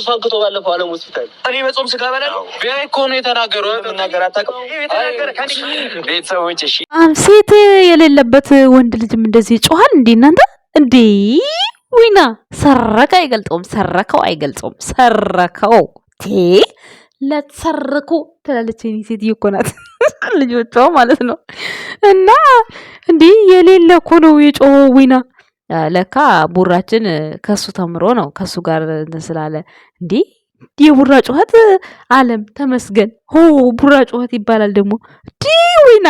ቁስ አንክቶ ባለፈው አለም ሆስፒታል እኔ በጾም ስጋ በላለሁ ነው የተናገሩ ነገር አታውቅም። ቤተሰቦች ሴት የሌለበት ወንድ ልጅም እንደዚህ ይጮሃል እንዴ እናንተ እንዴ! ዊና ሰረከ አይገልጸውም፣ ሰረከው አይገልጸውም፣ ሰረከው ቴ ለተሰረኩ ትላለች። እኔ ሴትዮ እኮ ናት ልጆቿ ማለት ነው። እና እንዲህ የሌለ እኮ ነው የጮኸው ዊና ለካ ቡራችን ከሱ ተምሮ ነው ከሱ ጋር ስላለ እንዲህ የቡራ ጩኸት አለም ተመስገን ሆ ቡራ ጩኸት ይባላል ደግሞ ዲ ወይና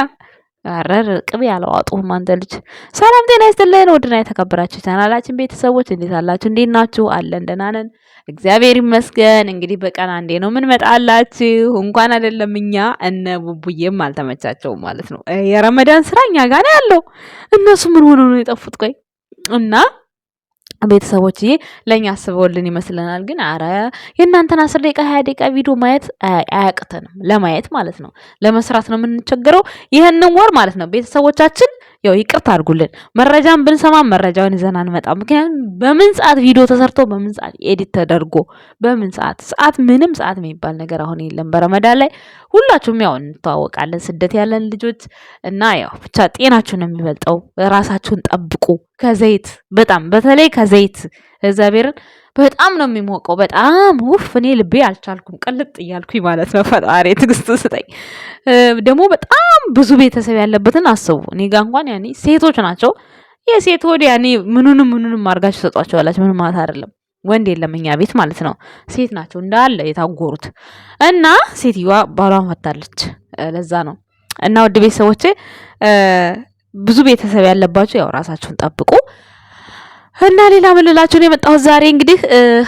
አረር ቅቤ አላዋጡም አንተ ልጅ። ሰላም ጤና ይስጥልን ውድና የተከበራችሁ ቻናላችን ቤተሰቦች እንዴት አላችሁ? እንዴት ናችሁ? አለን ደህና ነን እግዚአብሔር ይመስገን። እንግዲህ በቀን አንዴ ነው ምን መጣላችሁ። እንኳን አይደለም እኛ እነ ቡቡዬም አልተመቻቸውም ማለት ነው። የረመዳን ስራ እኛ ጋር ነው ያለው። እነሱ ምን ሆነው ነው የጠፉት? ቆይ እና ቤተሰቦችዬ ለእኛ አስበውልን ይመስለናል። ግን አረ የእናንተን አስር ደቂቃ ሀያ ደቂቃ ቪዲዮ ማየት አያቅተንም፣ ለማየት ማለት ነው። ለመስራት ነው የምንቸገረው። ይህንን ወር ማለት ነው ቤተሰቦቻችን ያው ይቅርታ አድርጉልን። መረጃን ብንሰማ መረጃውን ይዘን አንመጣ። ምክንያቱም በምን ሰዓት ቪዲዮ ተሰርቶ በምን ሰዓት ኤዲት ተደርጎ በምን ሰዓት ሰዓት ምንም ሰዓት የሚባል ነገር አሁን የለም። በረመዳን ላይ ሁላችሁም ያው እንተዋወቃለን፣ ስደት ያለን ልጆች እና ያው ብቻ ጤናችሁን የሚበልጠው ራሳችሁን ጠብቁ። ከዘይት በጣም በተለይ ከዘይት እግዚአብሔርን በጣም ነው የሚሞቀው። በጣም ውፍ እኔ ልቤ አልቻልኩም፣ ቅልጥ እያልኩኝ ማለት ነው። ፈጣሪ ትዕግስት ስጠኝ። ደግሞ በጣም ብዙ ቤተሰብ ያለበትን አስቡ። እኔ ጋ እንኳን ያኔ ሴቶች ናቸው የሴት ወድ ያኔ ምኑንም ምኑንም አድርጋችሁ ሰጧቸዋላችሁ። ምንም ማለት አይደለም። ወንድ የለም እኛ ቤት ማለት ነው። ሴት ናቸው እንዳለ የታጎሩት እና ሴትዮዋ ባሏን ፈታለች። ለዛ ነው እና ውድ ቤተሰቦቼ ብዙ ቤተሰብ ያለባችሁ ያው ራሳችሁን ጠብቁ። እና ሌላ ምን ልላችሁን የመጣሁት ዛሬ እንግዲህ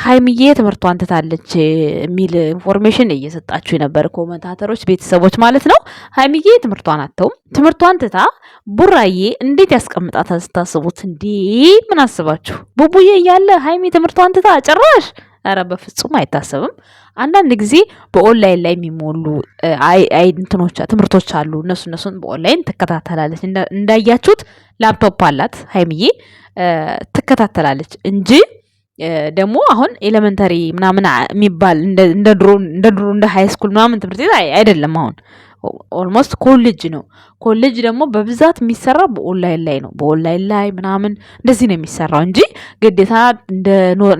ሀይሚዬ ትምህርቷን ትታለች የሚል ኢንፎርሜሽን እየሰጣችሁ የነበር ኮመንታተሮች ቤተሰቦች ማለት ነው። ሀይሚዬ ትምህርቷን አተውም ትምህርቷን ትታ ቡራዬ እንዴት ያስቀምጣታል ስታስቡት? እንዴ ምን አስባችሁ? ቡቡዬ እያለ ሀይሚ ትምህርቷን ትታ ጭራሽ! ኧረ በፍጹም አይታሰብም። አንዳንድ ጊዜ በኦንላይን ላይ የሚሞሉ እንትኖች ትምህርቶች አሉ እነሱ እነሱን በኦንላይን ትከታተላለች። እንዳያችሁት ላፕቶፕ አላት ሀይምዬ ትከታተላለች እንጂ ደግሞ አሁን ኤሌመንተሪ ምናምን የሚባል እንደ ድሮ እንደ ሃይስኩል ምናምን ትምህርት ቤት አይደለም አሁን ኦልሞስት ኮሌጅ ነው። ኮሌጅ ደግሞ በብዛት የሚሰራ በኦንላይን ላይ ነው። በኦንላይን ላይ ምናምን እንደዚህ ነው የሚሰራው እንጂ ግዴታ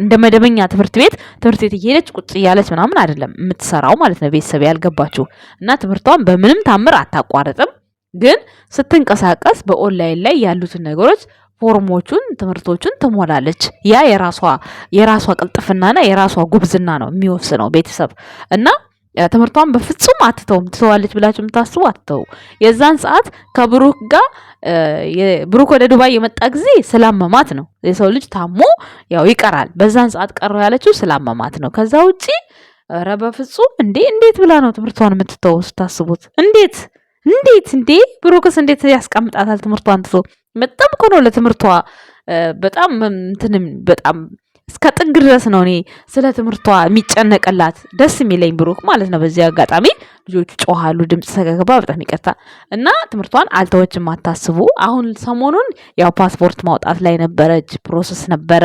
እንደ መደበኛ ትምህርት ቤት ትምህርት ቤት እየሄደች ቁጭ እያለች ምናምን አይደለም የምትሰራው ማለት ነው። ቤተሰብ ያልገባችሁ እና ትምህርቷን በምንም ታምር አታቋርጥም። ግን ስትንቀሳቀስ በኦንላይን ላይ ያሉትን ነገሮች ፎርሞቹን ትምህርቶቹን ትሞላለች። ያ የራሷ የራሷ ቅልጥፍናና የራሷ ጉብዝና ነው የሚወስነው ቤተሰብ እና ትምህርቷን በፍጹም አትተውም። ትተዋለች ብላችሁ የምታስቡ አትተው። የዛን ሰዓት ከብሩክ ጋር ብሩክ ወደ ዱባይ የመጣ ጊዜ ስላመማት ነው። የሰው ልጅ ታሞ ያው ይቀራል። በዛን ሰዓት ቀረ ያለችው ስላመማት ነው። ከዛ ውጪ ኧረ በፍጹም እንዴ! እንዴት ብላ ነው ትምህርቷን የምትተው ስታስቡት? እንዴት እንዴት እንዴ! ብሩክስ እንዴት ያስቀምጣታል ትምህርቷን ትቶ? በጣም እኮ ነው ለትምህርቷ በጣም እንትንም በጣም እስከ ጥግ ድረስ ነው እኔ ስለ ትምህርቷ የሚጨነቅላት ደስ የሚለኝ ብሩክ ማለት ነው። በዚህ አጋጣሚ ልጆቹ ጮኋሉ፣ ድምፅ ተገግባ በጣም ይቀርታል። እና ትምህርቷን አልተዎች የማታስቡ አሁን ሰሞኑን ያው ፓስፖርት ማውጣት ላይ ነበረች፣ ፕሮሰስ ነበረ።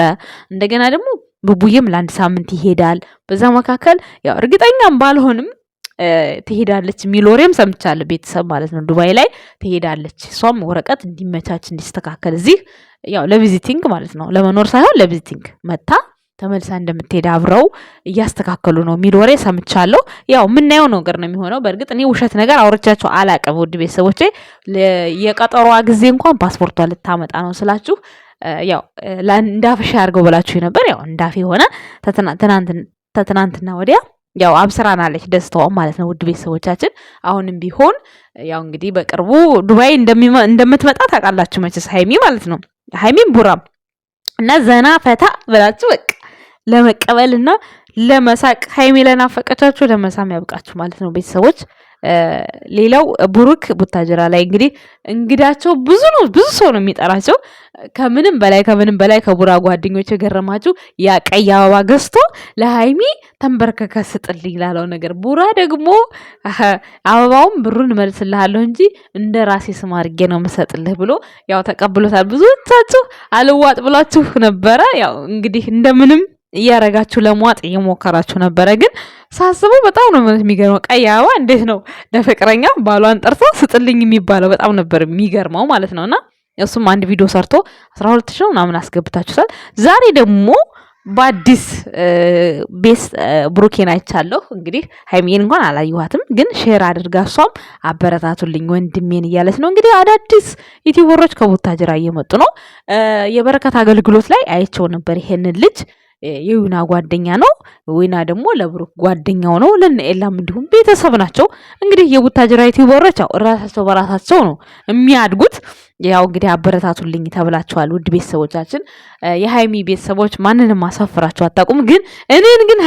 እንደገና ደግሞ ቡቡዬም ለአንድ ሳምንት ይሄዳል። በዛ መካከል ያው እርግጠኛም ባልሆንም ትሄዳለች የሚል ወሬም ሰምቻለሁ። ቤተሰብ ማለት ነው ዱባይ ላይ ትሄዳለች። እሷም ወረቀት እንዲመቻች እንዲስተካከል እዚህ ያው ለቪዚቲንግ ማለት ነው ለመኖር ሳይሆን ለቪዚቲንግ መታ ተመልሳ እንደምትሄድ አብረው እያስተካከሉ ነው የሚል ወሬ ሰምቻለሁ። ያው የምናየው ነገር ነው የሚሆነው። በእርግጥ እኔ ውሸት ነገር አውርቻቸው አላቅም። ውድ ቤተሰቦቼ የቀጠሯ ጊዜ እንኳን ፓስፖርቷ ልታመጣ ነው ስላችሁ ያው እንዳፍሻ አድርገው ብላችሁ ነበር። ያው እንዳፌ ሆነ። ተትናንትና ወዲያ ያው አብስራናለች ደስታዋን ማለት ነው። ውድ ቤተሰቦቻችን አሁንም ቢሆን ያው እንግዲህ በቅርቡ ዱባይ እንደምትመጣ ታውቃላችሁ መችስ ሀይሚ ማለት ነው። ሀይሚም ቡራም እና ዘና ፈታ ብላችሁ በቃ ለመቀበል እና ለመሳቅ ሀይሚ ለናፈቀቻችሁ ለመሳም ያብቃችሁ ማለት ነው ቤተሰቦች። ሌላው ቡሩክ ቡታጀራ ላይ እንግዲህ እንግዳቸው ብዙ ነው፣ ብዙ ሰው ነው የሚጠራቸው። ከምንም በላይ ከምንም በላይ ከቡራ ጓደኞች የገረማችሁ ያ ቀይ አበባ ገዝቶ ለሀይሚ ተንበርከከ ስጥልኝ ላለው ነገር ቡራ ደግሞ አበባውን ብሩን መልስልሃለሁ እንጂ እንደ ራሴ ስም አድርጌ ነው የምሰጥልህ ብሎ ያው ተቀብሎታል። ብዙዎቻችሁ አልዋጥ ብላችሁ ነበረ። ያው እንግዲህ እንደምንም እያረጋችሁ ለሟጥ እየሞከራችሁ ነበረ። ግን ሳስበው በጣም ነው የሚገርመው። ቀይ አበባ እንዴት ነው ለፍቅረኛ ባሏን ጠርቶ ስጥልኝ የሚባለው? በጣም ነበር የሚገርመው ማለት ነው። እና እሱም አንድ ቪዲዮ ሰርቶ አስራ ሁለት ሺህ ምናምን አስገብታችሁታል። ዛሬ ደግሞ በአዲስ ቤስ ብሩኬን አይቻለሁ። እንግዲህ ሀይሚዬን እንኳን አላየኋትም፣ ግን ሼር አድርጋ እሷም አበረታቱልኝ ወንድሜን እያለች ነው። እንግዲህ አዳዲስ ዩቲዩበሮች ከቦታጅራ እየመጡ ነው። የበረከት አገልግሎት ላይ አይቸው ነበር ይሄንን ልጅ የዊና ጓደኛ ነው። ዊና ደግሞ ለብሩክ ጓደኛው ነው። ለነ ኤላም እንዲሁም ቤተሰብ ናቸው። እንግዲህ የቡታጅራ ዩቲዩበሮች ያው ራሳቸው በራሳቸው ነው የሚያድጉት። ያው እንግዲህ አበረታቱልኝ ተብላችኋል ውድ ቤተሰቦቻችን። የሀይሚ ቤተሰቦች ማንንም አሳፍራችሁ አታውቁም። ግን እኔን ግን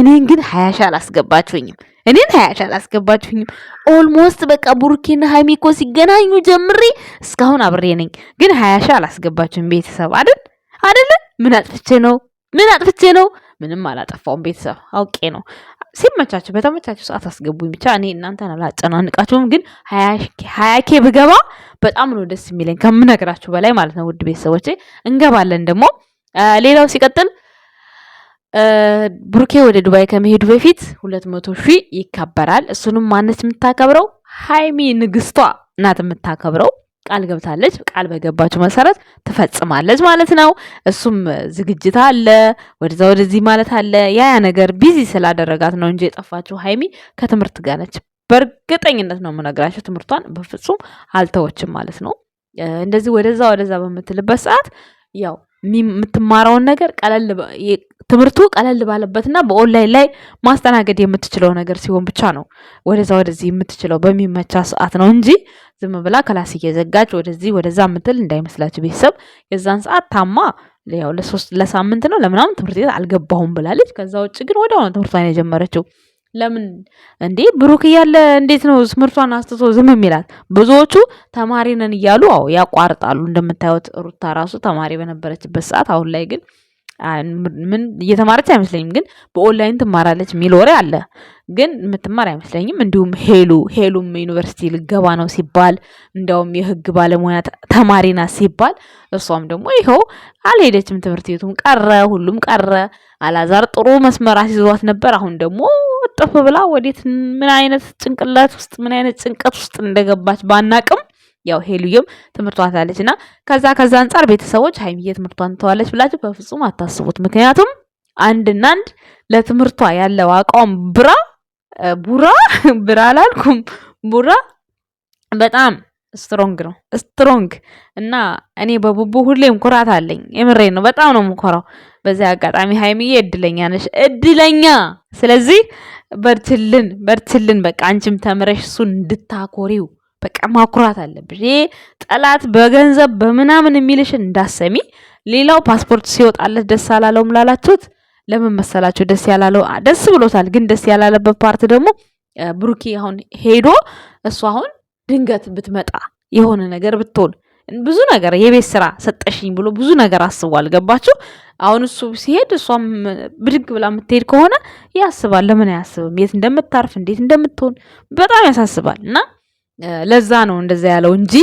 እኔን ግን ሀያ ሺህ አላስገባችሁኝም። እኔን ሀያ ሺህ አላስገባችሁኝም። ኦልሞስት በቃ ቡርኪና ሀይሚ እኮ ሲገናኙ ጀምሬ እስካሁን አብሬ ነኝ። ግን ሀያ ሺህ አላስገባችሁም ቤተሰብ አይደል አይደለ? ምን አጥፍቼ ነው ምን አጥፍቼ ነው? ምንም አላጠፋውም። ቤተሰብ አውቄ ነው። ሲመቻችሁ በተመቻችሁ ሰዓት አስገቡኝ። ብቻ እኔ እናንተን አላጨናንቃችሁም። ግን ሀያ ኬ ብገባ በጣም ነው ደስ የሚለኝ ከምነግራችሁ በላይ ማለት ነው። ውድ ቤተሰቦች እንገባለን። ደግሞ ሌላው ሲቀጥል ብሩኬ ወደ ዱባይ ከመሄዱ በፊት ሁለት መቶ ሺህ ይከበራል። እሱንም ማነች የምታከብረው? ሀይሚ ንግስቷ ናት የምታከብረው። ቃል ገብታለች። ቃል በገባችው መሰረት ትፈጽማለች ማለት ነው። እሱም ዝግጅት አለ፣ ወደዛ ወደዚህ ማለት አለ። ያ ያ ነገር ቢዚ ስላደረጋት ነው እንጂ የጠፋችው ሀይሚ ከትምህርት ጋር ነች። በእርግጠኝነት ነው የምነግራቸው። ትምህርቷን በፍጹም አልተወችም ማለት ነው። እንደዚህ ወደዛ ወደዛ በምትልበት ሰዓት ያው የምትማረውን ነገር ቀለል ትምህርቱ ቀለል ባለበትና በኦንላይን ላይ ማስተናገድ የምትችለው ነገር ሲሆን ብቻ ነው ወደዛ ወደዚህ የምትችለው በሚመቻ ሰዓት ነው እንጂ ዝም ብላ ክላስ እየዘጋች ወደዚህ ወደዛ ምትል እንዳይመስላችሁ ቤተሰብ። የዛን ሰዓት ታማ ያው ለሶስት ለሳምንት ነው ለምናምን ትምህርት ቤት አልገባሁም ብላለች። ከዛ ውጭ ግን ወዲያውኑ ትምህርቷን የጀመረችው ለምን እንዴ ብሩክ እያለ እንዴት ነው ትምህርቷን አስትቶ ዝም የሚላት? ብዙዎቹ ተማሪ ነን እያሉ አዎ ያቋርጣሉ። እንደምታዩት ሩታ ራሱ ተማሪ በነበረችበት ሰዓት፣ አሁን ላይ ግን ምን እየተማረች አይመስለኝም። ግን በኦንላይን ትማራለች የሚል ወሬ አለ፣ ግን የምትማር አይመስለኝም። እንዲሁም ሄሉ ሄሉም ዩኒቨርሲቲ ልገባ ነው ሲባል እንዲያውም የህግ ባለሙያ ተማሪ ናት ሲባል እሷም ደግሞ ይኸው አልሄደችም። ትምህርት ቤቱም ቀረ፣ ሁሉም ቀረ። አላዛር ጥሩ መስመር አስይዟት ነበር። አሁን ደግሞ ጥፍ ብላ ወዴት ምን አይነት ጭንቅላት ውስጥ ምን አይነት ጭንቀት ውስጥ እንደገባች ባናቅም ያው ሄሉየም ትምህርቷን ታለች እና ከዛ ከዛ አንጻር ቤተሰቦች ሀይሚዬ ትምህርቷን ተዋለች ብላችሁ በፍጹም አታስቡት። ምክንያቱም አንድና አንድ ለትምህርቷ ያለው አቋም ብራ ቡራ ብራ አላልኩም ቡራ በጣም ስትሮንግ ነው ስትሮንግ እና እኔ በቡቡ ሁሌም ኩራት አለኝ። የምሬ ነው። በጣም ነው የምኮራው። በዚህ አጋጣሚ ሀይሚዬ እድለኛ ነሽ፣ እድለኛ። ስለዚህ በርትልን፣ በርትልን። በቃ አንቺም ተምረሽ እሱን እንድታኮሪው በቃ ማኩራት አለብሽ። ይሄ ጠላት በገንዘብ በምናምን የሚልሽን እንዳሰሚ። ሌላው ፓስፖርት ሲወጣለት ደስ አላለውም ላላችሁት ለምን መሰላችሁ? ደስ ያላለው ደስ ብሎታል፣ ግን ደስ ያላለበት ፓርት ደግሞ ብሩኬ አሁን ሄዶ እሱ አሁን ድንገት ብትመጣ የሆነ ነገር ብትሆን ብዙ ነገር የቤት ስራ ሰጠሽኝ ብሎ ብዙ ነገር አስቧል። ገባችሁ? አሁን እሱ ሲሄድ እሷም ብድግ ብላ የምትሄድ ከሆነ ያስባል። ለምን አያስብም? የት እንደምታርፍ እንዴት እንደምትሆን በጣም ያሳስባል። እና ለዛ ነው እንደዛ ያለው እንጂ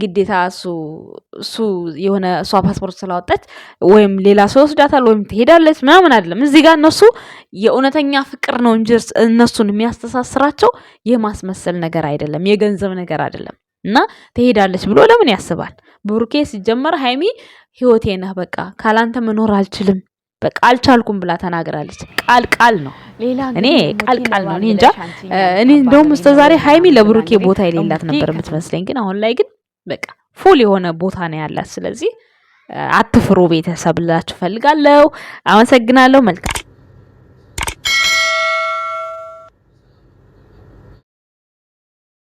ግዴታ እሱ እሱ የሆነ እሷ ፓስፖርት ስላወጣች ወይም ሌላ ሰው ወስዳታል ወይም ትሄዳለች ምናምን አይደለም። እዚህ ጋር እነሱ የእውነተኛ ፍቅር ነው እንጂ እነሱን የሚያስተሳስራቸው የማስመሰል ነገር አይደለም፣ የገንዘብ ነገር አይደለም። እና ትሄዳለች ብሎ ለምን ያስባል? ብሩኬ ሲጀመር ሀይሚ ህይወቴ ነህ፣ በቃ ካላንተ መኖር አልችልም፣ በቃ አልቻልኩም ብላ ተናግራለች። ቃል ቃል ነው እኔ ቃል ቃል ነው እኔ እንጃ። እኔ እንደውም እስከ ዛሬ ሀይሚ ለብሩኬ ቦታ የሌላት ነበር የምትመስለኝ፣ ግን አሁን ላይ ግን በቃ ፉል የሆነ ቦታ ነው ያላት። ስለዚህ አትፍሩ ቤተሰብ ልላችሁ ፈልጋለሁ። አመሰግናለሁ። መልካም